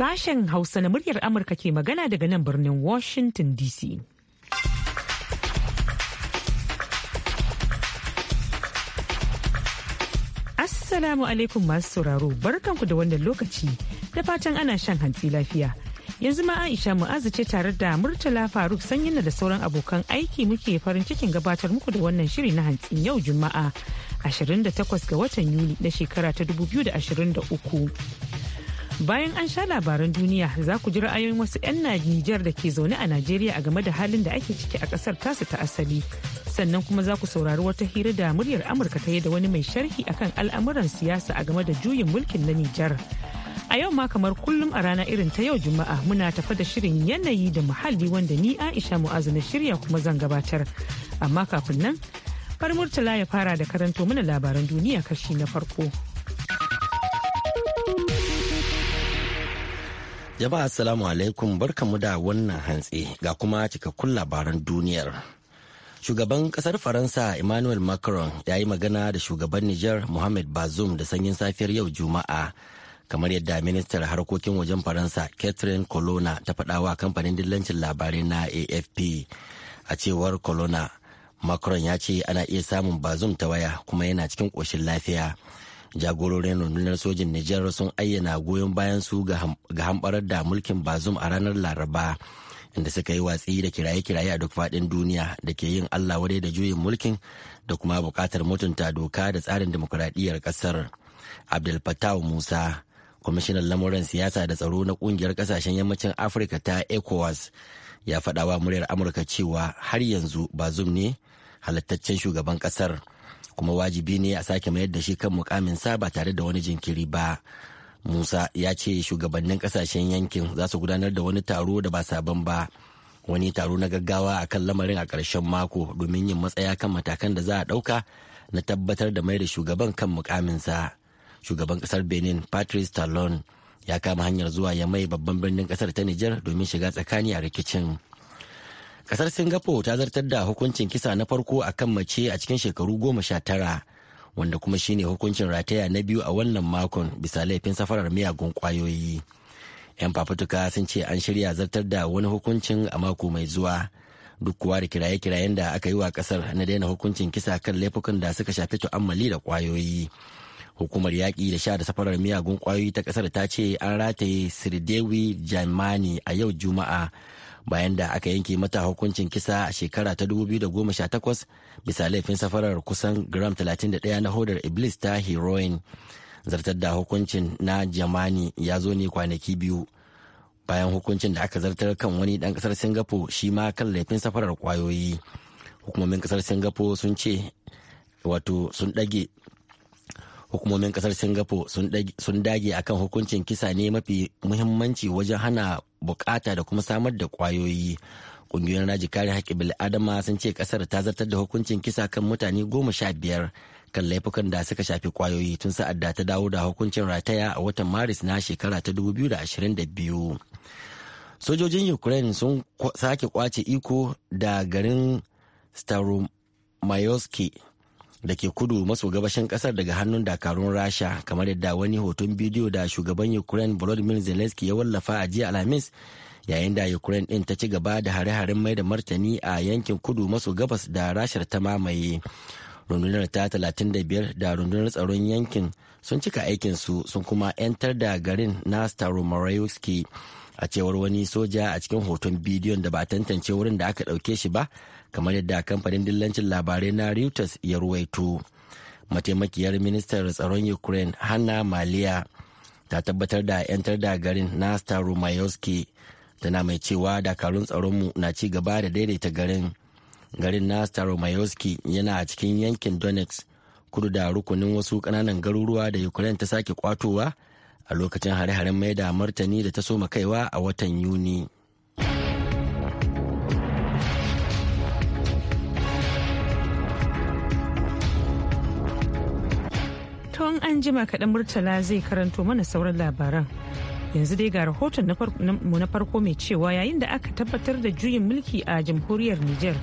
Sashen Hausa na muryar Amurka ke magana daga nan birnin Washington DC. Assalamu alaikum masu sauraro barkanku da wannan lokaci da fatan ana shan hantsi lafiya. Yanzu ma Aisha Mu'azu ce tare da Murtala Faruk sanyin da sauran abokan aiki muke farin cikin gabatar muku da wannan shiri na hantsin yau Juma'a 28 ga watan Yuli na shekara ta 2023. Bayan an sha labaran duniya za ku ji ra'ayoyin wasu 'yan Nijar da ke zaune a Najeriya a game da halin da ake ciki a ƙasar tasu ta asali. Sannan kuma za ku saurari wata hira da muryar Amurka ta yi da wani mai sharhi akan al'amuran siyasa a game da juyin mulkin na Nijar. A yau ma kamar kullum a rana irin ta yau Juma'a muna tafa da shirin yanayi da muhalli wanda ni Aisha Mu'azu na shirya kuma zan gabatar. Amma kafin nan, Far Murtala ya fara da karanto mana labaran duniya kashi na farko. Jama'a assalamu alaikum barkamu da wannan hantsi ga kuma cikakkun labaran duniyar. Shugaban kasar Faransa Emmanuel Macron ya yi magana da shugaban Nijar Mohamed Bazoum da sanyin safiyar yau Juma'a. Kamar yadda ministar harkokin wajen Faransa Catherine Colonna ta faɗawa kamfanin dillancin labarai na AFP. A cewar Colonna, Macron ya ce ana iya samun Bazoum ta waya kuma yana cikin ƙoshin lafiya. jagororin rundunar sojin Nijar sun ayyana goyon bayan su ga hamɓarar da mulkin bazum a ranar Laraba inda suka yi watsi da kiraye-kiraye a duk faɗin duniya da ke yin Allah wadai da juyin mulkin da kuma buƙatar mutunta doka da tsarin demokuraɗiyyar ƙasar. Abdul Fattah Musa, kwamishinan lamuran siyasa da tsaro na ƙungiyar ƙasashen yammacin Afirka ta ECOWAS, ya faɗawa muryar Amurka cewa har yanzu bazum ne halattaccen shugaban ƙasar. kuma wajibi ne a sake mayar da shi kan mukaminsa ba tare da wani jinkiri ba musa ya ce shugabannin kasashen yankin za su gudanar da wani taro da ba sabon ba wani taro na gaggawa a kan lamarin a ƙarshen mako domin yin matsaya kan matakan da za a ɗauka na tabbatar da mai da shugaban kan mukaminsa shugaban ƙasar benin patrice talon ya kama hanyar zuwa ya mai babban birnin ƙasar ta nijar domin shiga tsakani a rikicin Kasar Singapore ta zartar da hukuncin kisa na farko a kan mace a cikin shekaru goma sha tara, wanda kuma shine hukuncin rataya na biyu a wannan makon bisa laifin safarar miyagun kwayoyi. 'Yan fafutuka sun ce an shirya zartar da wani hukuncin a mako mai zuwa. Duk kuwa da kiraye-kirayen da aka yi wa kasar na daina hukuncin kisa kan laifukan da suka shafi tu'ammali da kwayoyi. hukumar yaƙi da sha da safarar miyagun kwayoyi ta kasar ta ce an rataye sirdewi jamani a yau juma'a bayan da aka yanke mata hukuncin kisa a shekara ta 2018 bisa laifin safarar kusan gram 31 na hodar iblis ta heroin zartar da hukuncin na jamani ya zo ne kwanaki biyu bayan hukuncin da aka zartar kan wani dan kasar singapore shi ma kan laifin safarar kwayoyi hukumomin kasar singapore sun ce wato sun dage hukumomin kasar singapore sun dage akan hukuncin kisa ne mafi muhimmanci wajen hana bukata da kuma samar da kwayoyi ƙungiyoyin raji kare haƙƙin bil'adama sun ce ƙasar ta zartar da hukuncin kisa kan mutane goma sha biyar kan laifukan da suka shafi kwayoyi tun sa'ad da ta dawo da hukuncin rataya a watan maris na shekara ta 2022 sojojin ukraine sun sake kwace iko da garin staromayoski da ke kudu maso gabashin kasar daga hannun dakarun rasha kamar yadda wani hoton bidiyo da shugaban ukraine volodymyr zelensky ya wallafa a jiya alhamis yayin da ukraine din ta ci gaba da hare-haren mai da martani a yankin kudu maso gabas da rashar ta mamaye rundunar ta 35 da rundunar tsaron yankin sun cika aikinsu sun kuma 'yantar da garin na staromarayuski a cewar wani soja a cikin hoton bidiyon da ba tantance wurin da aka ɗauke shi ba kamar yadda kamfanin dillancin labarai na reuters ya ruwaito mataimakiyar ministar tsaron ukraine hanna maliya ta tabbatar da 'yantar da garin na staromayoski tana mai cewa dakarun tsaronmu na ci gaba da daidaita garin garin na staromayoski yana a cikin yankin donetsk kudu da rukunin wasu kananan garuruwa da ukraine ta sake kwatowa a lokacin hare-haren mai da martani da ta soma kaiwa a watan yuni. an jima kaɗan murtala zai karanto mana sauran labaran yanzu dai ga rahoton mu na farko mai cewa yayin da aka tabbatar da juyin mulki a jamhuriyar niger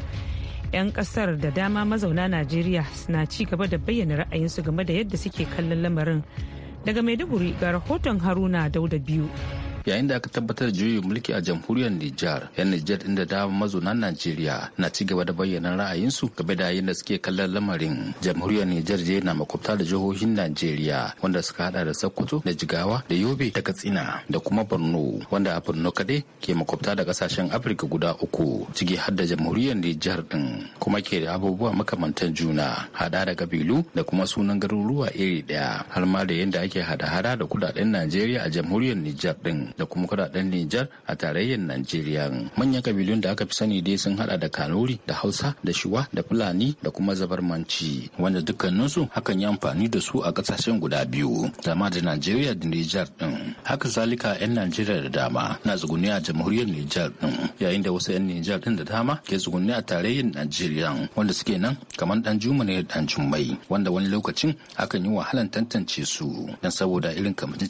'yan kasar da dama mazauna najeriya suna ci gaba da bayyana ra'ayinsu game da yadda suke kallon lamarin daga maiduguri ga rahoton haruna dauda biyu yayin da aka tabbatar da juyin mulki a jamhuriyar Nijar. Yan Nijar inda da mazauna Najeriya na ci gaba da bayyana ra'ayinsu game da yadda suke kallon lamarin. Jamhuriyar Nijar je na makwabta da jihohin Najeriya wanda suka hada da Sokoto da Jigawa da Yobe da Katsina da kuma Borno wanda a Borno kaɗai ke makwabta da kasashen Afirka guda uku ciki har da jamhuriyar Nijar din kuma ke da abubuwa makamantan juna hada da kabilu da kuma sunan garuruwa iri ɗaya har ma da yadda ake hada-hada da kudaden Najeriya a jamhuriyar Nijar din da kuma kudaden Nijar a tarayyar Najeriya. Manyan kabilun da aka fi sani dai sun hada da Kanuri da Hausa da Shuwa da Fulani da kuma Zabarmanci wanda dukkaninsu hakan ya amfani da su a kasashen guda biyu dama da Najeriya da Nijar din. Haka zalika 'yan Najeriya da dama na tsuguni a jamhuriyar Nijar din yayin da wasu 'yan Nijar din da dama ke tsuguni a tarayyar Najeriya wanda suke nan kamar dan Juma ne dan Jummai wanda wani lokacin akan yi wahalan tantance su dan saboda irin kamar da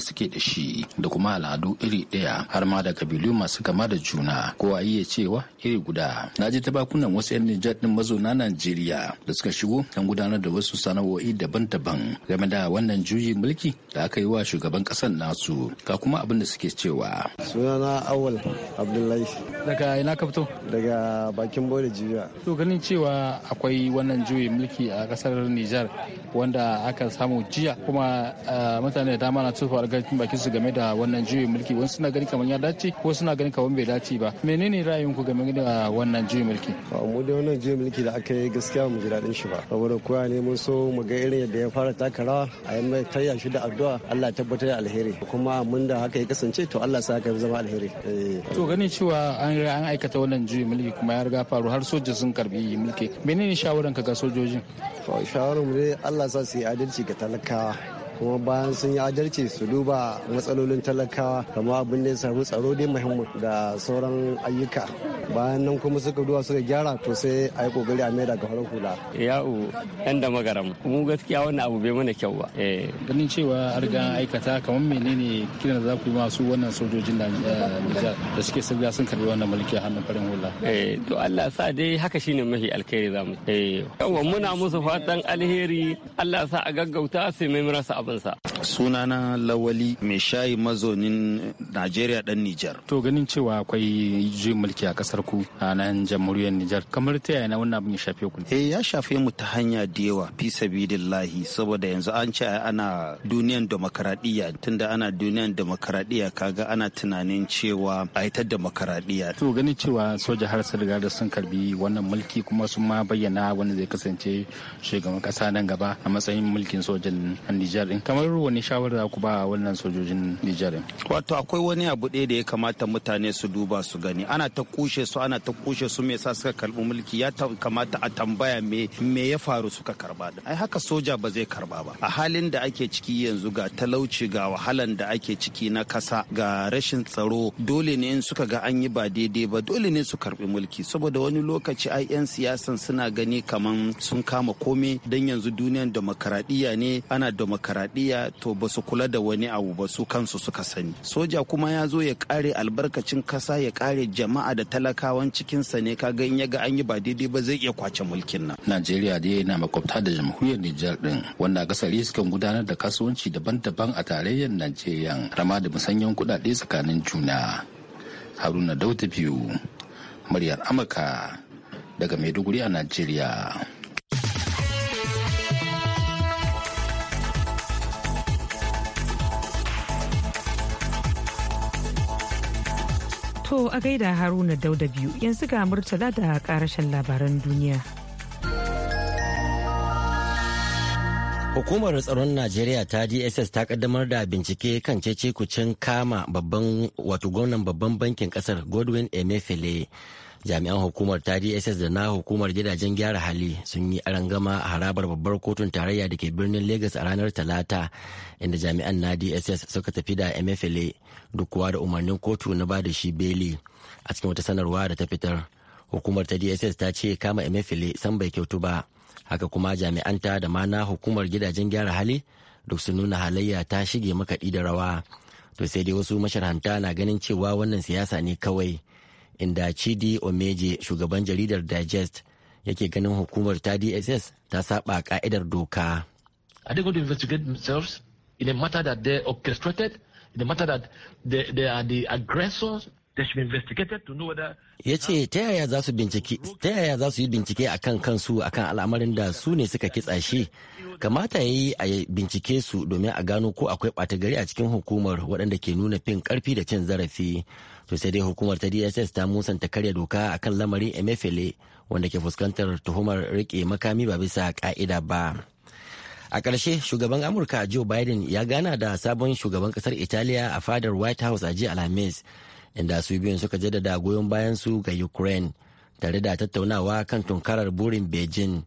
suke da shi da kuma al'adu iri ɗaya har ma da kabilu masu kama da juna ko a iya cewa iri guda na ji ta bakunan wasu 'yan nijar ɗin mazauna najeriya da suka shigo don gudanar da wasu sana'o'i daban-daban game da wannan juyin mulki da aka yi wa shugaban ƙasar nasu ga kuma abin da suke cewa sunana awal abdullahi daga ina ka fito daga bakin bode jiya to ganin cewa akwai wannan juyin mulki a kasar nijar wanda aka samu jiya kuma eh, mutane da dama na tufa a bakin su game da wannan juyin mulki wasu suna gani kamar ya dace wasu suna gani kamar bai dace ba menene ra'ayin ku game da ah, wannan juyin mulki mu da wannan juyin mulki da aka yi gaskiya mu ji daɗin shi ba saboda koya ne mun so mu ga irin yadda ya fara taka rawa a yi mai tayya shi da addu'a Allah tabbatar da alheri kuma mun da haka ya kasance to Allah sa ka zama alheri eh. to ganin cewa an an aikata wannan juyin mulki kuma ya riga faru har soja sun karbi mulki menene shawaran ka ga sojojin to shawaran mu dai Allah sa su yi adalci ga talakawa kuma bayan sun yi adalci su duba matsalolin talakawa kamar abin da ya samu tsaro dai muhimmin da sauran ayyuka bayan nan kuma suka duba suka gyara to sai a yi kokari a mai daga farar hula ya'u yan da magaram mu gaskiya wannan abu bai mana kyau ba eh. ganin cewa har ga aikata kamar menene kiran da za ku yi masu wannan sojojin da eh, da suke sabga sun karbi wannan mulki a hannun farin hula eh, to Allah sa dai haka shine mafi alkhairi zamu eh yawa muna musu fatan alheri Allah sa a gaggauta sai mai murasa abu zaɓinsa. Sunana Lawali mai shayi mazaunin Najeriya ɗan Nijar. To ganin cewa akwai juyin mulki a ƙasar ku a nan jamhuriyar Nijar. Kamar ta yaya wannan abin ya shafe ku? Eh ya shafe mu ta hanya da yawa fi sabidillahi saboda yanzu an ce ana duniyan demokaradiyya tunda ana duniyan demokaradiyya kaga ana tunanin cewa a ita demokaradiyya. To ganin cewa soja har sun riga da sun karbi wannan mulki kuma sun ma bayyana wanda zai kasance shugaban kasa nan gaba a matsayin mulkin sojan Nijar din kamar wani shawar da ku ba wannan sojojin Nijar wato akwai wani abu ɗaya da ya kamata mutane su duba su gani ana ta kushe su ana ta kushe su me yasa suka karbi mulki ya kamata a tambaya me me ya faru suka karba ai haka soja ba zai karba ba a halin da ake ciki yanzu ga talauci ga wahalan da ake ciki na kasa ga rashin tsaro dole ne in suka ga an yi ba daidai ba dole ne su karbi mulki saboda wani lokaci ai yan siyasan suna gani kaman sun kama komai dan yanzu duniyan demokradiya ne ana demokradiya demokuraɗiyya to ba su kula da wani abu ba su kansu suka sani soja kuma ya zo ya kare albarkacin kasa ya kare jama'a da talakawan cikin sa ne ka in yaga an yi ba daidai ba zai iya kwace mulkin nan najeriya dai yana makwabta da jamhuriyar nijar din wanda kasari sukan gudanar da kasuwanci daban-daban a tarayyar najeriya rama da musanyen kuɗaɗe tsakanin juna haruna dauta biyu muryar amurka daga maiduguri a najeriya To a gaida Haruna Dauda biyu yanzu ga Murtala da karashen labaran duniya. Hukumar tsaron Najeriya ta DSS ta kaddamar da bincike kan cece kucin kama babban wato gwamnan babban bankin kasar Godwin Emefiele jami'an hukumar ta dss da na hukumar gidajen gyara hali sun yi arangama a harabar babbar kotun tarayya da ke birnin Legas a ranar talata inda jami'an na dss suka tafi da mfla duk da umarnin kotu na ba da shi beli a cikin wata sanarwa da ta fitar hukumar ta dss ta ce kama mfla san bai kyautu ba haka kuma jami'anta da ma na hukumar gidajen gyara hali duk sun nuna halayya ta shige makaɗi da rawa to sai dai wasu masharhanta na ganin cewa wannan siyasa ne kawai inda Chidi Omeje shugaban jaridar Digest yake ganin hukumar ta DSS ta saba ka'idar doka. Are they going to investigate themselves in a matter that they orchestrated, in a matter that they, they are the aggressors? ya ce ta yaya za su yi bincike a kan kansu a kan al'amarin da su ne suka kitsa shi kamata ya yi a bincike su domin a gano ko akwai ɓata gari a cikin hukumar waɗanda ke nuna fin ƙarfi da cin zarafi to sai dai hukumar ta dss ta musanta karya doka akan lamarin emefele wanda ke fuskantar tuhumar riƙe makami ba bisa ka'ida ba a ƙarshe shugaban amurka joe biden ya gana da sabon shugaban ƙasar italiya a fadar white house a jiya alhamis inda su biyun suka jaddada goyon bayan su ga ukraine tare da tattaunawa kan tunkarar burin beijing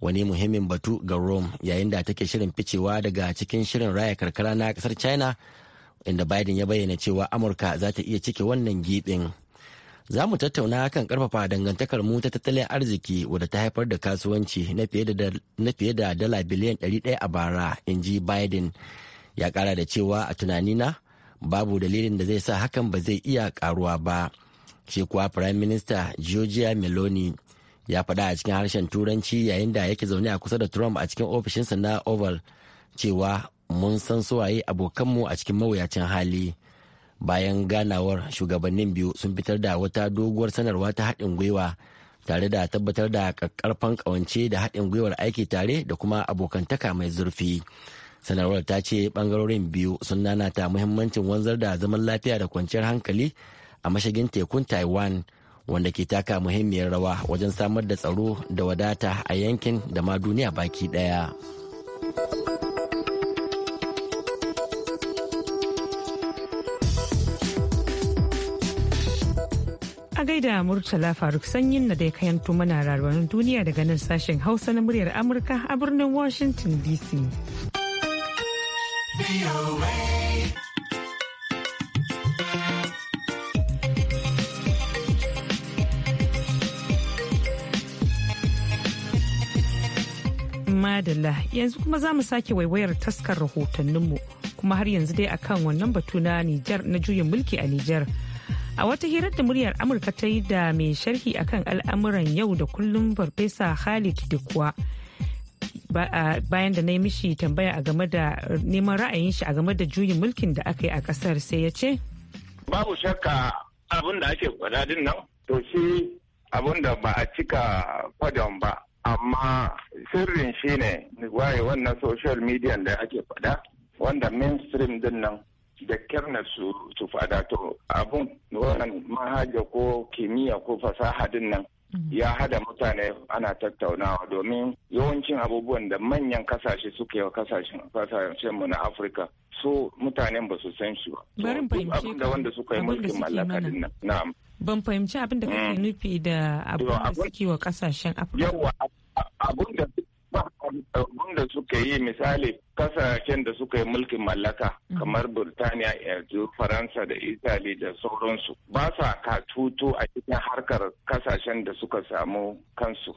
wani muhimmin batu ga rome yayin da take shirin ficewa daga cikin shirin raya karkara na kasar china inda biden ya bayyana cewa amurka za ta iya cike wannan gibin za mu tattauna kan karfafa dangantakar mu ta tattalin arziki wadda ta haifar da kasuwanci na fiye da dala biliyan 100 a bara in ji biden ya kara da cewa a tunanina babu dalilin da zai sa hakan ba zai iya karuwa ba shi kuwa prime minister georgia meloni ya faɗa a cikin harshen turanci yayin da yake zaune a kusa da trump a cikin ofishinsa na oval cewa mun san suwaye abokanmu a cikin mawuyacin hali bayan ganawar shugabannin biyu sun fitar da wata doguwar sanarwa ta haɗin gwiwa tare da tabbatar da ƙarfan ƙawance da haɗin gwiwar aiki tare da kuma abokantaka mai zurfi sanarwar ta ce bangarorin biyu sun nanata muhimmancin wanzar da zaman lafiya da kwanciyar hankali a mashigin tekun taiwan wanda ke taka muhimmiyar rawa wajen samar da tsaro da wadata a yankin da ma duniya baki daya. a gaida murtala faruk sanyin na dai ya kayanto mana rarwanin duniya daga nan sashen hausa na muryar amurka a birnin washington dc Madalla yanzu kuma za mu sake waiwayar taskar rahotanninmu kuma har yanzu dai akan wannan batu na Nijar na juyin mulki a Nijar. A wata hirar da muryar Amurka ta yi da mai sharhi akan al'amuran yau da kullum Farfesa Khalid Dikwa bayan da na yi mishi tambaya a game da neman ra'ayin shi a game da juyin mulkin da aka yi a kasar sai ya ce babu shakka abin da ake faɗa nan to shi abin da ba a cika fadan ba amma sirrin shi ne waye wannan social media da ake faɗa wanda mainstream din nan da kyarna su su fada to abun wannan mahaja ko kimiyya ko fasaha din nan Mm-hmm. ya hada mutane ana tattaunawa domin yawancin abubuwan da manyan kasashe suke wa kasashen mu na afirka so mutanen ba su san shi ba. Barin fahimce wanda suka yi mulkin mallaka din nan. Na'am. Ban fahimci abin da kake mm. nufi da abin da suke wa kasashen Afirka. yawa abin da abin da suka yi misali kasashen da suka yi mulkin mallaka mm-hmm. kamar Burtaniya, yanzu Faransa da Italy da sauransu ba sa tutu a cikin harkar kasashen da suka samu kansu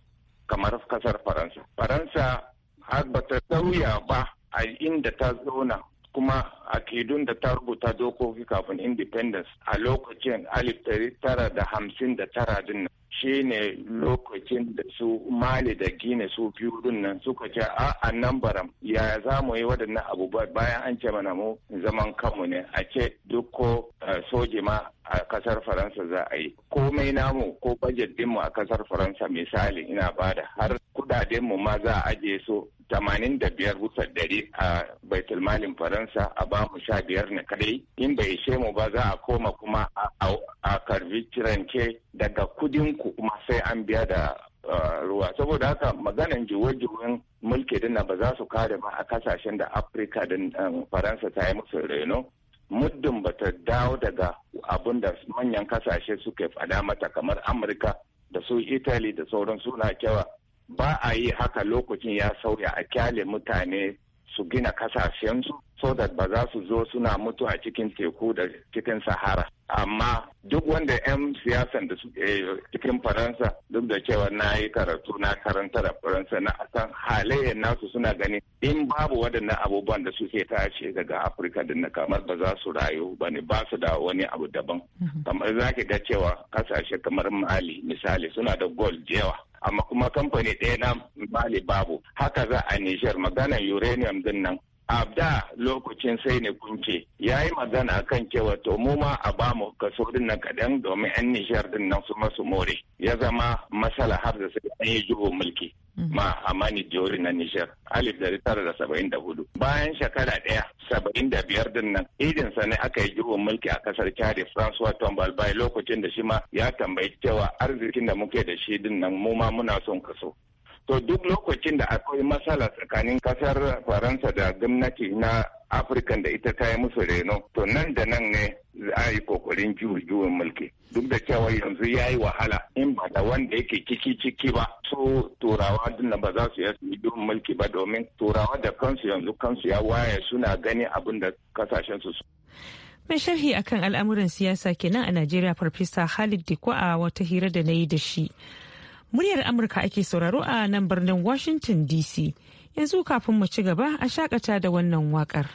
kamar kasar Faransa. Faransa har ba ta sauya ba a inda ta zauna kuma a akidun da ta rubuta dokoki kafin independence a lokacin alif tara da hamsin da tara din shine lokacin da su mali da gine su biyu nan suka ce a nan baram ya za mu yi waɗannan abubuwa bayan an ce mana mu zaman kanmu ne a ce duk ko eh, soji ma a kasar faransa za a yi komai namu ko bajet dinmu a kasar faransa misali ina bada har kudaden mu ma za a ajiye su tamanin da biyar bisa dari a baitulmalin faransa a ba mu sha biyar ne kadai in bai ishe mu ba za a koma kuma a karbi ciranke daga kudinku kuma sai an biya da ruwa saboda haka maganan juwe-juwen mulki dinna ba za su kare ba a kasashen da afirka din faransa ta yi musu reno muddin ba ta dawo daga abin da manyan kasashe suke fada mata kamar amurka da su italy da sauran suna kyawa ba a yi haka lokacin ya sauya a kyale mutane su gina kasashensu so da ba za su zo suna mutu a cikin teku da cikin sahara amma duk wanda 'yan siyasan da suke eh, cikin faransa duk da cewa na yi karatu na karanta da faransa na akan halayen nasu suna gani in babu waɗannan abubuwan da suke tashi daga afirka da kamar ba za su rayu ba ne ba su da wani abu daban mhm. kamar za ki ga cewa kasashe kamar mali misali suna da gold yawa amma kuma kamfani ɗaya na mali babu haka za a Nijar maganar uranium din nan abda lokacin sai ne kunce ya yi magana kan cewa to mu ma a ba mu kaso din na kaɗan domin 'yan nishiyar din nan su masu more ya zama masala har da sai an yi jubo mulki mm-hmm. ma amani jori na nishiyar alif dari tara da saba'in da hudu bayan shekara ɗaya saba'in da biyar din nan sa ne aka yi jubo mulki a kasar chari francois tombal bai lokacin da shi ma ya tambayi cewa arzikin da muke da shi din nan mu ma muna son kaso To duk lokacin da akwai matsala tsakanin kasar Faransa da gwamnati na Afirkan da ita ta yi musu reno, to nan da nan ne za a yi kokarin juyin mulki. Duk da cewa yanzu ya yi wahala in ba da wanda yake ciki ciki ba, su turawa dinna ba za su yi juyin mulki ba domin turawa da kansu yanzu kansu ya waye suna gani abin da kasashen su. Mai sharhi akan al'amuran siyasa kenan a Najeriya Farfesa Khalid Dikwa a wata hira da na yi da shi. Muryar Amurka ake sauraro a nan birnin Washington DC. Yanzu kafin mu ci gaba a shakata da wannan waƙar.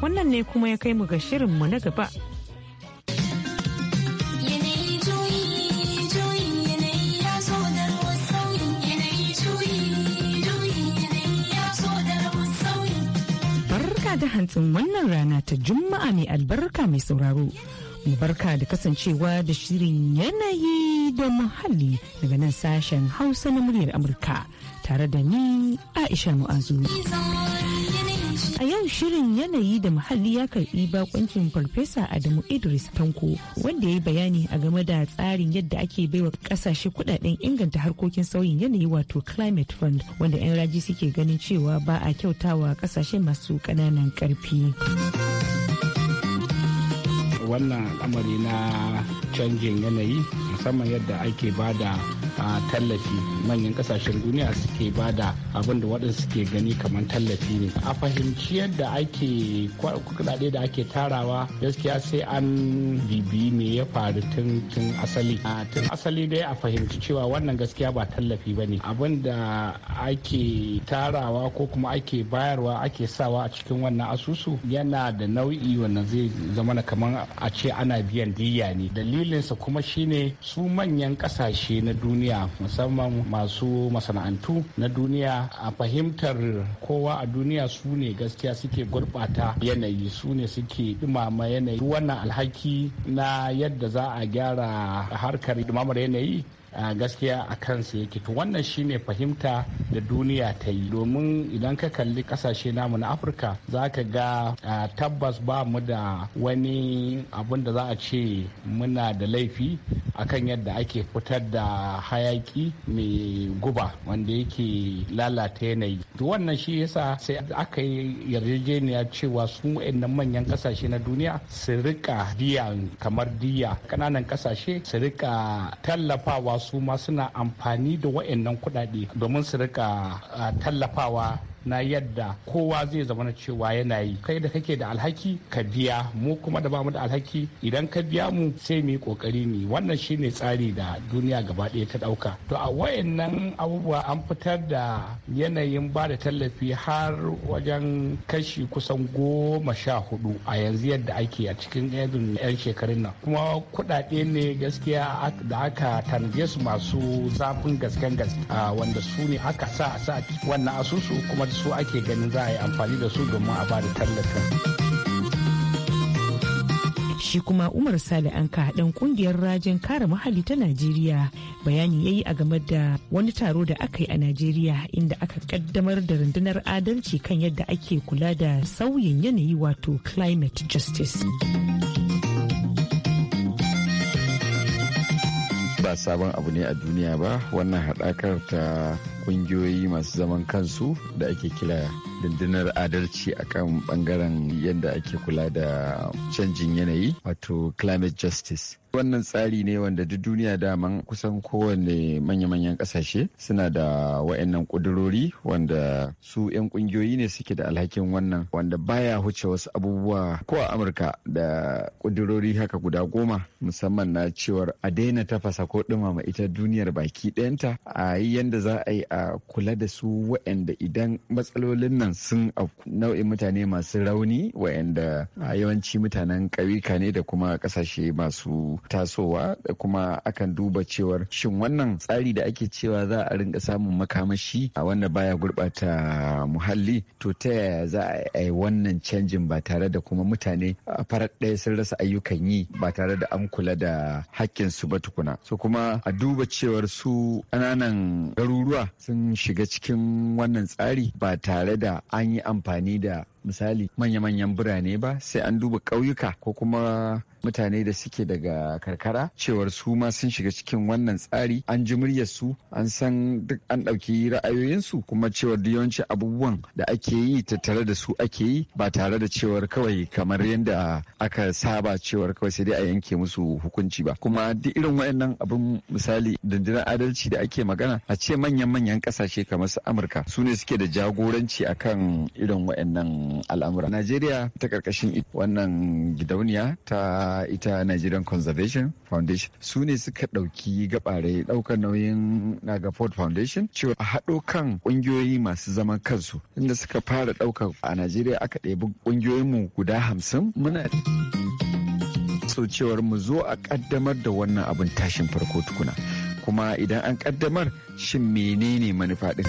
wannan ne kuma ya kai mu ga mu na gaba. da hantsin wannan rana ta juma'a mai albarka mai sauraro mu barka da kasancewa da shirin yanayi da muhalli daga nan sashen hausa na muryar amurka tare da ni aisha mu'azu. A yau shirin yanayi da muhalli ya karbi bakoncin Farfesa Adamu Idris Tanko wanda ya yi bayani a game da tsarin yadda ake baiwa kasashe kudaden inganta harkokin sauyin yanayi wato Climate Fund wanda 'yan raji suke ganin cewa ba a kyautawa kasashe masu kananan karfi. Wannan al'amari na canjin yanayi musamman yadda ake bada tallafi manyan kasashen duniya suke bada abin da waɗansu suke gani kamar tallafi ne a fahimci yadda ake kuɗaɗe da ake tarawa gaskiya sai an bibi me ya faru tun tun asali tun asali dai a fahimci cewa wannan gaskiya ba tallafi ba ne abin da ake tarawa ko kuma ake bayarwa ake sawa a cikin wannan asusu yana da nau'i wannan zai zama kamar a ce ana biyan diyya ne dalilinsa kuma shine su manyan kasashe na duniya musamman masu masana'antu na duniya a fahimtar kowa a duniya su ne gaskiya suke gurɓata yanayi su ne suke dumama yanayi wannan alhaki na yadda za a gyara harkar dumamar yanayi gaskiya a kansa yake to wannan shine fahimta da duniya ta yi domin idan ka kalli kasashe namu na afirka za ka ga tabbas ba mu da wani abun da za a ce muna da laifi akan yadda ake fitar da hayaki mai guba wanda yake lalata yanayi to wannan shi yasa sai aka yi yarjejeniya cewa su wa'annan manyan kasashe na duniya su rika diya kamar diya ƙananan kasashe su rika tallafawa su ma suna amfani da wa'annan kudade domin su rika ah, tallafawa na yadda kowa zai zama na cewa yana yi kai da kake da alhaki ka biya mu kuma da bamu da alhaki idan ka biya mu sai mu yi kokari ne wannan shine tsari da duniya gaba ɗaya ta ɗauka to a wayannan abubuwa an fitar da yanayin ba da tallafi har wajen kashi kusan goma sha hudu a yanzu yadda ake a cikin irin 'yan shekarun nan kuma kuɗaɗe ne gaskiya da aka tanaje su masu zafin gasken gaske wanda su ne aka sa a sa wannan asusu kuma su ake ganin za a yi amfani da su domin a ba da tallafin. shi kuma umar sale an ɗan ƙungiyar rajin kare muhalli ta najeriya bayani yayi a game da wani taro da aka yi a najeriya inda aka kaddamar da rundunar adalci kan yadda ake kula da sauyin yanayi wato climate justice ba sabon abu ne a duniya ba wannan haɗakar ta kungiyoyi masu zaman kansu da ake kira dindinar adalci a kan bangaren yadda ake kula da canjin yanayi wato climate justice wannan tsari ne wanda duk duniya daman kusan kowane manya-manyan kasashe suna da wa'annan kudurori wanda su 'yan kungiyoyi ne suke da alhakin wannan wanda baya huce wasu abubuwa ko a amurka da kudurori haka guda goma musamman na cewar a daina tafasa ko dumama ita duniyar baki ɗayanta a yi yadda za a yi A kula da su waɗanda idan matsalolin nan sun nau'in mutane masu rauni waɗanda yawanci mutanen ƙauyuka ne da kuma ƙasashe masu tasowa da kuma akan duba cewar shin wannan tsari da ake cewa za a rinka samun makamashi a wanda baya gurɓata muhalli to ta yaya za a yi wannan canjin ba tare da kuma mutane a farar ɗaya sun rasa ayyukan yi ba tare da an kula da hakkin su ba tukuna so kuma a duba cewar su ƙananan garuruwa sun shiga cikin wannan tsari ba tare da an yi amfani da misali manya-manyan birane ba sai an duba ƙauyuka ko kuma mutane da suke daga karkara cewar su ma sun shiga cikin wannan tsari an ji muryar su an san duk an ɗauki ra'ayoyinsu kuma cewar da yawanci abubuwan da ake yi tattare da su ake yi ba tare da cewar kawai kamar yadda aka saba cewar kawai sai dai a yanke musu hukunci ba kuma duk irin wayannan abin misali dandinar adalci da ake magana a ce manyan manyan kasashe kamar su amurka su ne suke da jagoranci akan irin wayannan al'amura najeriya ta karkashin wannan gidauniya ta ita nigerian conservation foundation su ne suka dauki gabare ɗaukar nauyin naga ford foundation cewa a haɗo kan kungiyoyi masu zaman kansu inda suka fara ɗaukar a najeriya aka ɗebi ƙungiyoyinmu guda hamsin muna so cewar mu zo a ƙaddamar da wannan abin tashin farko tukuna kuma idan an ƙaddamar shin menene manufa ɗin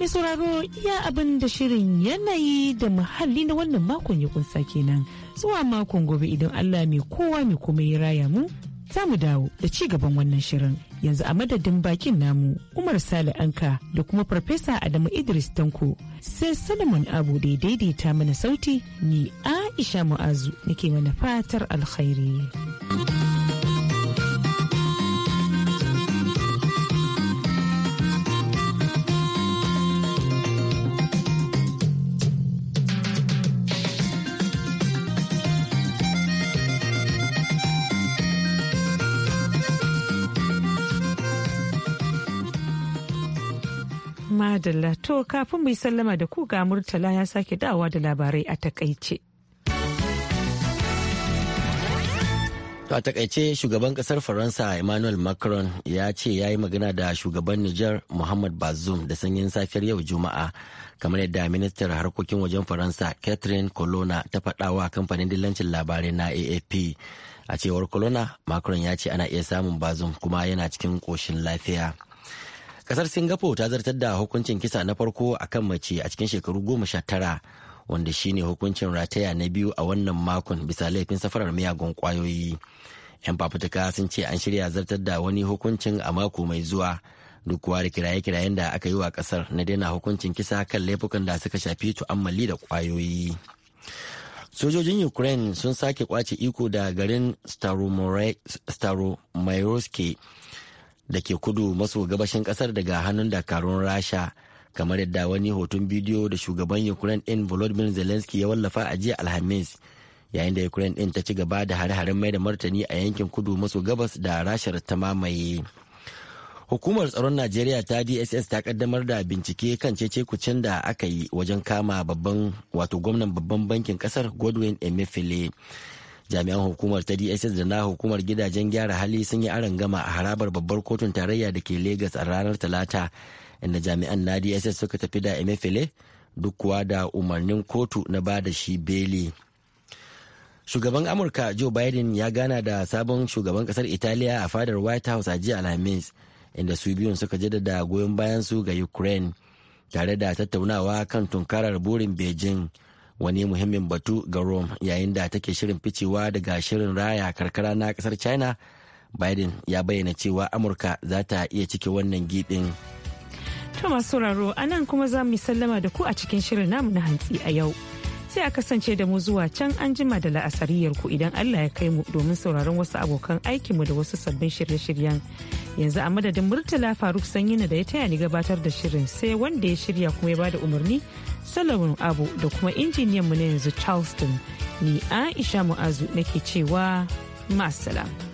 Mai sauraro iya abin da shirin yanayi da muhalli na wannan makon ya kunsa kenan. Zuwa makon gobe idan Allah mai kowa mai kuma ya raya mu, za mu dawo da ci gaban wannan shirin. Yanzu a madadin bakin namu Umar Sale Anka da kuma Farfesa Adamu Idris Tanko sai Solomon Abu da daidaita mana sauti ni Aisha Mu'azu nake mana fatar alkhairi. madalla to kafin mu yi sallama da ku ga murtala ya sake dawa da labarai a takaice. To a takaice shugaban kasar Faransa Emmanuel Macron ya ce ya yi magana da shugaban Nijar Muhammad Bazoum da sanyin safiyar yau Juma'a kamar yadda ministar harkokin wajen Faransa Catherine Colonna ta faɗawa kamfanin dillancin labarai na AAP. A cewar Colonna, Macron ya ce ana iya samun Bazoum kuma yana cikin ƙoshin lafiya. Kasar Singapore ta zartar da hukuncin kisa na farko a kan mace a cikin shekaru goma sha tara wanda shine hukuncin rataya na biyu a wannan makon bisa laifin safarar miyagun kwayoyi. 'Yan fafutuka sun ce an shirya zartar da wani hukuncin a mako mai zuwa duk kuwa da kiraye-kirayen da aka yi wa kasar na daina hukuncin kisa kan laifukan da suka shafi tu'ammali da kwayoyi. Sojojin Ukraine sun sake kwace iko da garin Staromayorske da ke kudu maso gabashin kasar daga hannun dakarun rasha kamar yadda wani hoton bidiyo da shugaban ukraine din volodymyr zelensky ya wallafa a jiya alhamis yayin da ukraine din ta ci gaba da hare-haren mai da martani a yankin kudu maso gabas da rashar ta mamaye hukumar tsaron najeriya ta dss ta kaddamar da bincike kan cece kucin da aka yi wajen kama babban wato gwamnan babban bankin kasar godwin emefiele jami'an hukumar ta dss da na hukumar gidajen gyara hali sun yi gama a harabar babbar kotun tarayya da ke lagos a ranar talata inda jami'an na dss suka tafi da emefele duk kuwa da umarnin kotu na ba da shi beli shugaban amurka joe biden ya gana da sabon shugaban kasar italiya a fadar white house a jiya alhamis inda su biyun suka jaddada goyon bayan su ga ukraine tare da tattaunawa kan tunkarar burin beijing wani muhimmin batu ga rome yayin da take shirin ficewa daga shirin raya karkara na kasar china biden ya bayyana cewa amurka za ta iya cike wannan gibin to masu sauraro anan kuma za mu sallama da ku a cikin shirin namu na hantsi a yau sai a kasance da mu zuwa can an jima da la'asariyar ku idan Allah ya kai mu domin sauraron wasu abokan mu da wasu sabbin shirye-shiryen. Yanzu a madadin Murtala Faruk Sanyina da ya taya ni gabatar da shirin sai wanda ya shirya kuma ya bada umarni Solomon Abu da kuma injiniyan mu na yanzu Charleston. Ni Aisha Mu'azu nake cewa masalam.